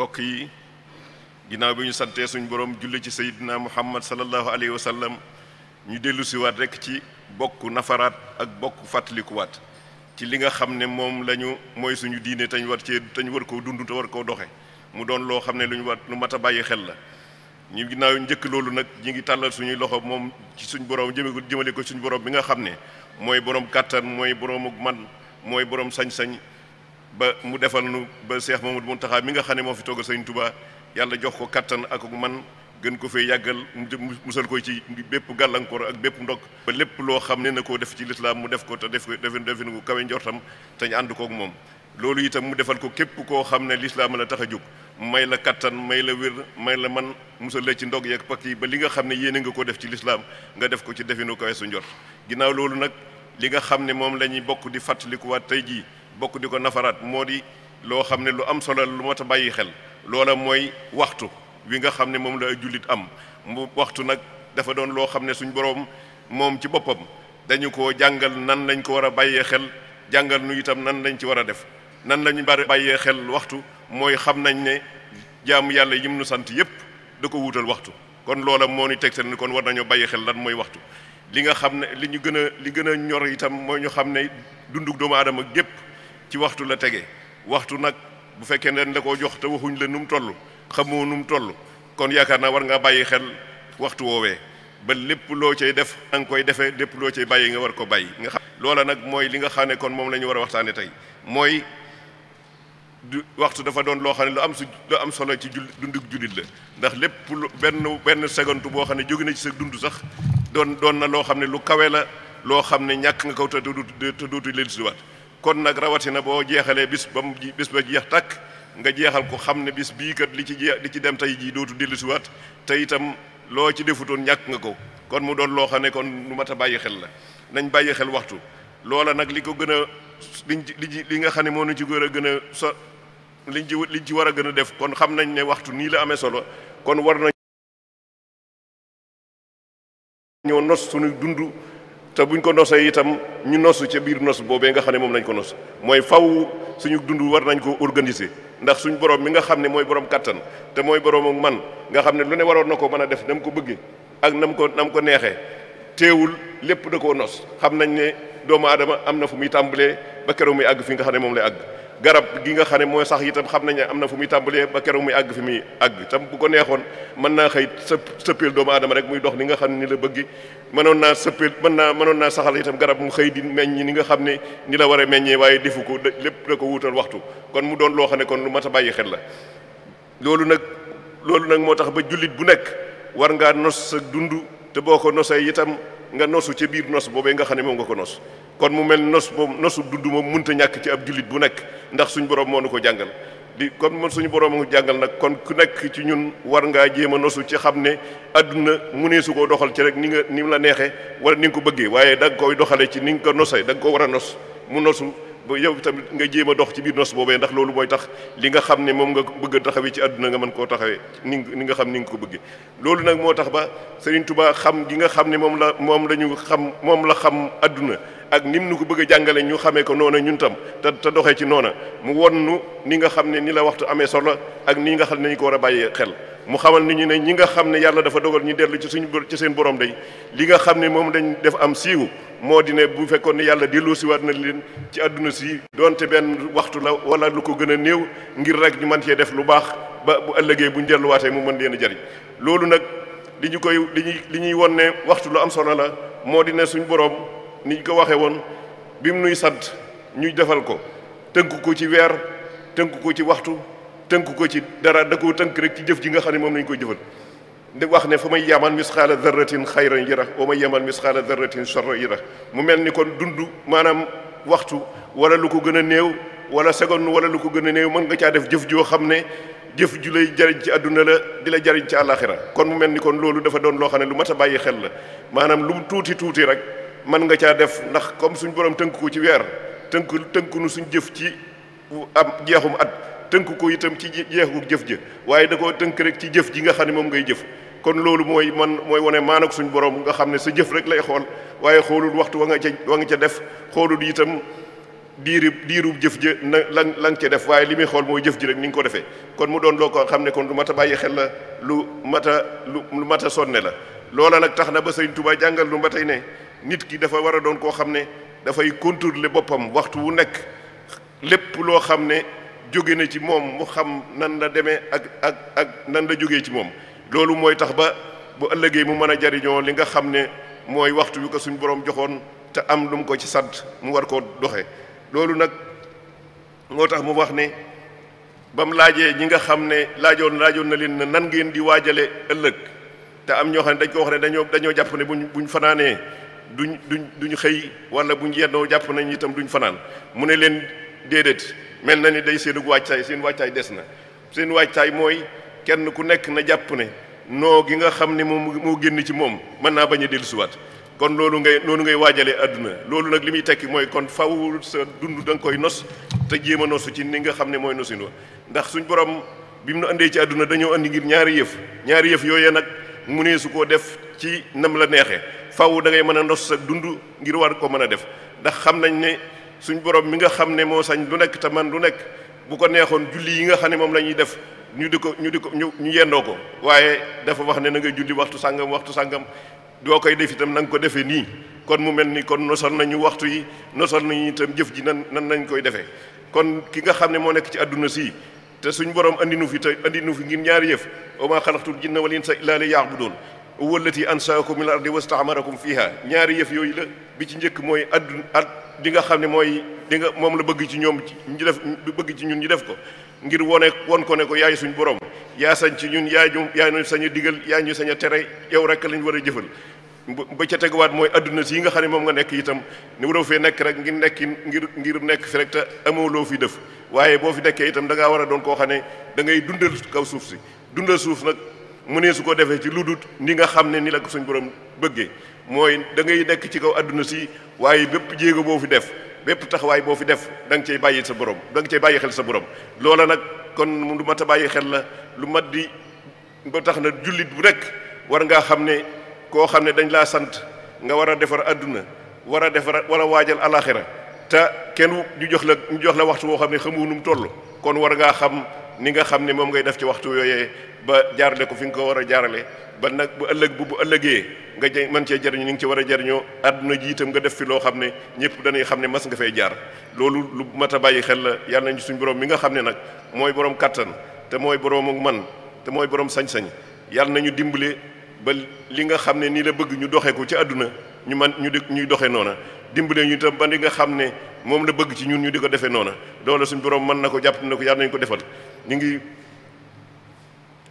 mbokk yi ginnaaw bi ñu santee suñ borom julli ci sayyidina muhammad sallallahu alayhi wa sallam ñu dellu siwaat rek ci bokk nafaraat ak bokk fàttaliku waat ci li nga xam ne moom lañu ñu mooy suñu diine tañ war cee tañ war koo dund te war koo doxe mu doon loo xam ne lu ñu war lu mat a bàyyi xel la ñu ginnaaw njëkk loolu nag ñi ngi tàllal suñuy loxo moom ci suñu borom jëme ko jëmale ko suñu boroom bi nga xam ne mooy borom kàttan mooy boroomuk man mooy boroom sañ-sañ ba mu defal nu ba Cheikh Mamadou Mountakha mi nga xam ne moo fi toogal Sëriñ tubaa yàlla jox ko kattan ak man gën ko fee yàggal musal ko ci bépp gàllankoor ak bépp ndog ba lépp loo xam ne na koo def ci lislaam mu def ko te def defin defin gu kawe njortam te ànd kook moom loolu itam mu defal ko képp koo xam ne lislaam la tax a jóg may la kattan may la wér may la man musal la ci ndog yeeg pakk yi ba li nga xam ne yéene nga ko def ci lislaam nga def ko ci definu kawe su njort ginnaaw loolu nag li nga xam ne moom la ñuy bokk di fàttalikuwaat tey jii bokk di ko nafaraat moo di loo xam ne lu am solo lu mat a bàyyi xel loola mooy waxtu wi nga xam ne moom la ay jullit am mu waxtu nag dafa doon loo xam ne suñ boroom moom ci boppam dañu ko jàngal nan lañ ko war a bàyyee xel jàngal nu itam nan lañ ci war a def nan lañu bari bàyyee xel waxtu mooy xam nañ ne jaamu yàlla yim nu sant yépp da ko wuutal waxtu kon loola moo ni tegtal ni kon war nañoo bàyyi xel lan mooy waxtu li nga xam ne li ñu gën a li gën a ñor itam mooy ñu xam ne dundug doomu aadama gépp ci waxtu la tege waxtu nag bu fekkee ne dañ la koo jox te waxuñ la nu mu toll xamoo nu mu toll kon yaakaar naa war ngaa bàyyi xel waxtu woowee ba lépp loo cay def da koy defee lépp loo cay bàyyi nga war ko bàyyi nga xam loola nag mooy li nga xam ne kon moom lañu war a waxtaane tey mooy du waxtu dafa doon loo xam ne lu am su am solo ci jul dundug jullit la ndax lépp lu benn benn seconde boo xam ne jóge na ci sa dund sax doon doon na loo xam ne lu kawe la loo xam ne ñàkk nga kaw te dootu te dootu leen si waat kon nag rawatina boo jeexalee bis ba mu bis ba jeex tàkk nga jeexal ko xam ne bis bii kat li ci jeex li ci dem tey jii dootu dellusiwaat te itam loo ci defutoon ñàkk nga ko kon mu doon loo xam ne kon lu mat a bàyyi xel la nañ bàyyi xel waxtu loola nag li ko gën a liñ ci li nga xam ne moom ñu ci gën a gën a so li ci li ci war a gën a def kon xam nañ ne waxtu nii la amee solo kon war na ñoo nos suñu dund te buñ ko nosee itam ñu nosu ca biir nos boobee nga xam ne moom lañ ko nos mooy faw suñu dund war nañ ko organiser ndax suñu borom mi nga xam ne mooy borom kattan te mooy borom man nga xam ne lu ne waroon na ko mën a def na mu ko bëggee ak nam ko nam ko neexee teewul lépp da koo nos xam nañ ne doomu adama am na fu muy tàmbalee ba keroog muy àgg fi nga xam ne moom lay àgg. garab gi nga xam ne mooy sax itam xam nañ am na fu muy tàmbalee ba keroog muy àgg fi muy àgg tam bu ko neexoon mën naa xëy sëpp sëppil doomu aadama rek muy dox ni nga xam ne ni la bëgg mënoon naa sëppil mën naa mënoon naa saxal itam garab mu xëy di meññ ni nga xam ne ni la war a meññee waaye defu ko lépp la ko wuutal waxtu kon mu doon loo xam ne kon lu ma a bàyyi xel la loolu nag loolu nag moo tax ba jullit bu nekk war ngaa nos sa dund te boo ko nosee itam nga nosu ci biir nos boobee nga xam ne moom nga ko nos kon mu mel nos moom nosu dund moom mun mënta ñàkk ci ab jullit bu nekk ndax suñu borom moo ko jàngal di kon man suñu borom jàngal nag kon ku nekk ci ñun war ngaa jéem a nosu ci xam ne àdduna mu nee su koo doxal ci rek ni nga ni mu la neexee wala ni nga ko bëggee waaye da nga doxalee ci ni ko nosee da ko war a nos mu nosu ba yow tamit nga jéem a dox ci biir nos boobee ndax loolu mooy tax li nga xam ne moom nga bëgg a taxawee ci àdduna nga mën koo taxawee ni ni nga xam ni nga ko bëggee loolu nag moo tax ba Serigne Touba xam gi nga xam ne moom la moom la xam moom la xam àdduna ak ni mu nu ko bëggee jàngale ñu xamee ko noona ñun tam te te doxee ci noona mu won nu ni nga xam ne ni la waxtu amee solo ak ni nga xam ne ñu ko war a bàyyee xel mu xamal ni ñu ne ñi nga xam ne yàlla dafa dogal ñu dellu ci suñu ci seen borom day li nga xam ne moom lañ def am siiw moo di ne bu fekkoon ne yàlla delloo si waat na leen ci àdduna si donte benn waxtu la wala lu ko gën a néew ngir rek ñu mën cee def lu baax ba bu ëllëgee bu ñu delluwaatee mu mën leen a jariñ loolu nag li ñu koy li ñuy li ñuy won ne waxtu lu am solo la moo di ne suñu borom niñ ko waxee woon bi mu nuy sadd ñuy defal ko tënk ko ci weer tënk ko ci waxtu tënk ko ci dara da koo tënk rek ci jëf ji nga xam ne moom lañ ko jëfal di wax ne fa may yaman misxaala darratin xayran yara wa may yaman misxaala soro yi ra mu mel ni kon dund maanaam waxtu wala lu ko gën a néew wala seconde wala lu ko gën a néew mën nga caa def jëf joo xam ne jëf ju lay jariñ ci àdduna la di la jariñ ci àllaaxira kon mu mel ni kon loolu dafa doon loo xam ne lu mat a bàyyi xel la maanaam lu tuuti tuuti rek mën nga caa def ndax comme suñ borom tënk ko ci weer tënk tënk nu suñ jëf ci am jeexum at tënk ko itam ci jeexu jëf ja waaye da koo tënk rek ci jëf ji nga xam ne moom ngay jëf kon loolu mooy man mooy wane maanak suñ borom nga xam ne sa jëf rek lay xool waaye xoolul waxtu wa nga ca wa nga ca def xoolul itam diirub diiru jëf jë na lan la nga ca def waaye li muy xool mooy jëf ji rek ni nga ko defee kon mu doon loo ko xam ne kon lu mat a bàyyi xel la lu mat a lu mat a sonne la loola nag tax na ba sëñ Tuubaa jàngal lu ba tey nit ki dafa war a doon koo xam ne dafay contrôler boppam waxtu wu nekk lépp loo xam ne jóge na ci moom mu xam nan la demee ak ak ak nan la jógee ci moom loolu mooy tax ba bu ëllëgee mu mën a jariñoo li nga xam ne mooy waxtu bi ko suñu borom joxoon te am lu mu ko ci sadd mu war koo doxe loolu nag moo tax mu wax ne ba mu laajee ñi nga xam ne laajoon laajoon na leen nan ngeen di waajale ëllëg te am ñoo xam ne dañ ko wax ne dañoo dañoo jàpp ne buñ buñ fanaanee duñ duñ duñ xëy wala buñ yeddoo jàpp nañ itam duñ fanaan mu ne leen déedéet mel na ni day seenug waajtaay seen waajtaay des na seen waajtaay mooy kenn ku nekk na jàpp ne noo gi nga xam ne moom moo génn ci moom mën naa bañ a dellusiwaat kon loolu ngay loolu ngay waajalee àdduna loolu nag li muy tekki mooy kon faw sa dund da nga koy nos te jéema a nosu ci ni nga xam ne mooy nosin wa ndax suñ borom bi mu nu andee ci àdduna dañoo indi ngir ñaari yëf ñaari yëf yooyee nag mu su koo def ci nam la neexee faaw dangay mën a ndos sa dund ngir war ko mën a def ndax xam nañ ne suñ borom mi nga xam ne moo sañ lu nekk te man lu nekk bu ko neexoon julli yi nga xam ne moom la ñuy def ñu di ko ñu di ko ñu ñu yendoo ko waaye dafa wax ne na ngay julli waxtu sàngam waxtu sàngam doo koy def itam na nga ko defee nii kon mu mel ni kon nosal nañu waxtu yi nosal nañu itam jëf ji nan nan nañ koy defee kon ki nga xam ne moo nekk ci àdduna si te suñ borom andi nu fi te andi ngir ñaari yëf wa maa xalaqtul jinna wal insa illaa liya'buduun wallati ansaakum min al-ardi wastaamarakum fiha ñaari yëf yooyu la bi ci njëkk mooy addun at di nga xam ne mooy di nga moom la bëgg ci ñoom ñu def bëgg ci ñun ñu def ko ngir wone won ko ko yaay suñ borom yaa sañ ci ñun yaa ñu yaa ñu digal yaa ñu tere yow rek lañ war a jëfal ba ca tegawaat mooy adduna si yi nga xam ne moom nga nekk itam ne waroo fee nekk rek ngir nekk ngir ngir nekk fi rek te amoo loo fi def waaye boo fi nekkee itam da war a doon koo xam ne da ngay dundal kaw suuf si dundal suuf nag mu ne su ko defee ci lu dut ni nga xam ne ni la ko suñ borom bëggee mooy da ngay nekk ci kaw àdduna si waaye bépp jéego boo fi def bépp taxawaay boo fi def da nga cay bàyyi sa borom danga nga cay bàyyi xel sa borom loola nag kon lu mat a bàyyi xel na lu mat di ba tax na jullit bu rek war ngaa xam ne koo xam ne dañ laa sant nga war a defar àdduna war a defar wala waajal alaxira te kenn ñu jox la ñu jox la waxtu woo xam ne xamu nu mu toll kon war ngaa xam ni nga xam ne moom ngay def ci waxtu yooyee ba jaarale ko fi nga ko war a jaarale ba nag bu ëllëg bu bu ëllëgee nga jë man cee jëriñu ni nga ci war a jariñoo àdduna ji itam nga def fi loo xam ne ñëpp dañuy xam ne mas nga fay jaar loolu lu mat a bàyyi xel la yàlla nañu suñu borom mi nga xam ne nag mooy borom kattan te mooy borom ak man te mooy borom sañ-sañ yàlla nañu dimbale ba li nga xam ne nii la bëgg ñu doxee ko ci àdduna ñu man ñu di ñuy doxee noona dimbale ñu itam ba li nga xam ne moom la bëgg ci ñun ñu di ko defee noona loolu suñu borom mën na ko jàpp na ko yàlla nañu ko defal ñu ngi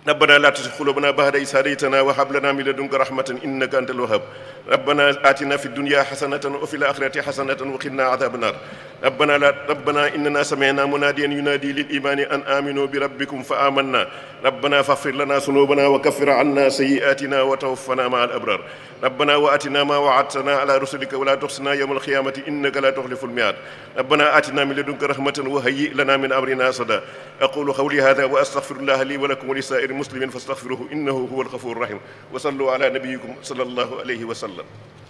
ربنا لا تزغ قلوبنا بعد إذ هديتنا وهب لنا من لدنك رحمة إنك أنت الوهاب ربنا آتنا في الدنيا حسنة وفي الآخرة حسنة وقنا عذاب النار ربنا لا ربنا إننا سمعنا مناديا ينادي للإيمان أن آمنوا بربكم فآمنا ربنا فاغفر لنا ذنوبنا وكفر عنا سيئاتنا وتوفنا مع الأبرار ربنا وآتنا ما وعدتنا على رسلك ولا تخزنا يوم القيامة إنك لا تخلف الميعاد ربنا آتنا من لدنك رحمة وهيئ لنا من أمرنا صدا أقول قولي هذا وأستغفر الله لي ولكم ولسائر muslimin fastaghfiruhu innahu huwal ghafurur rahim wa sallu ala nabiyikum sallallahu alayhi wa sallam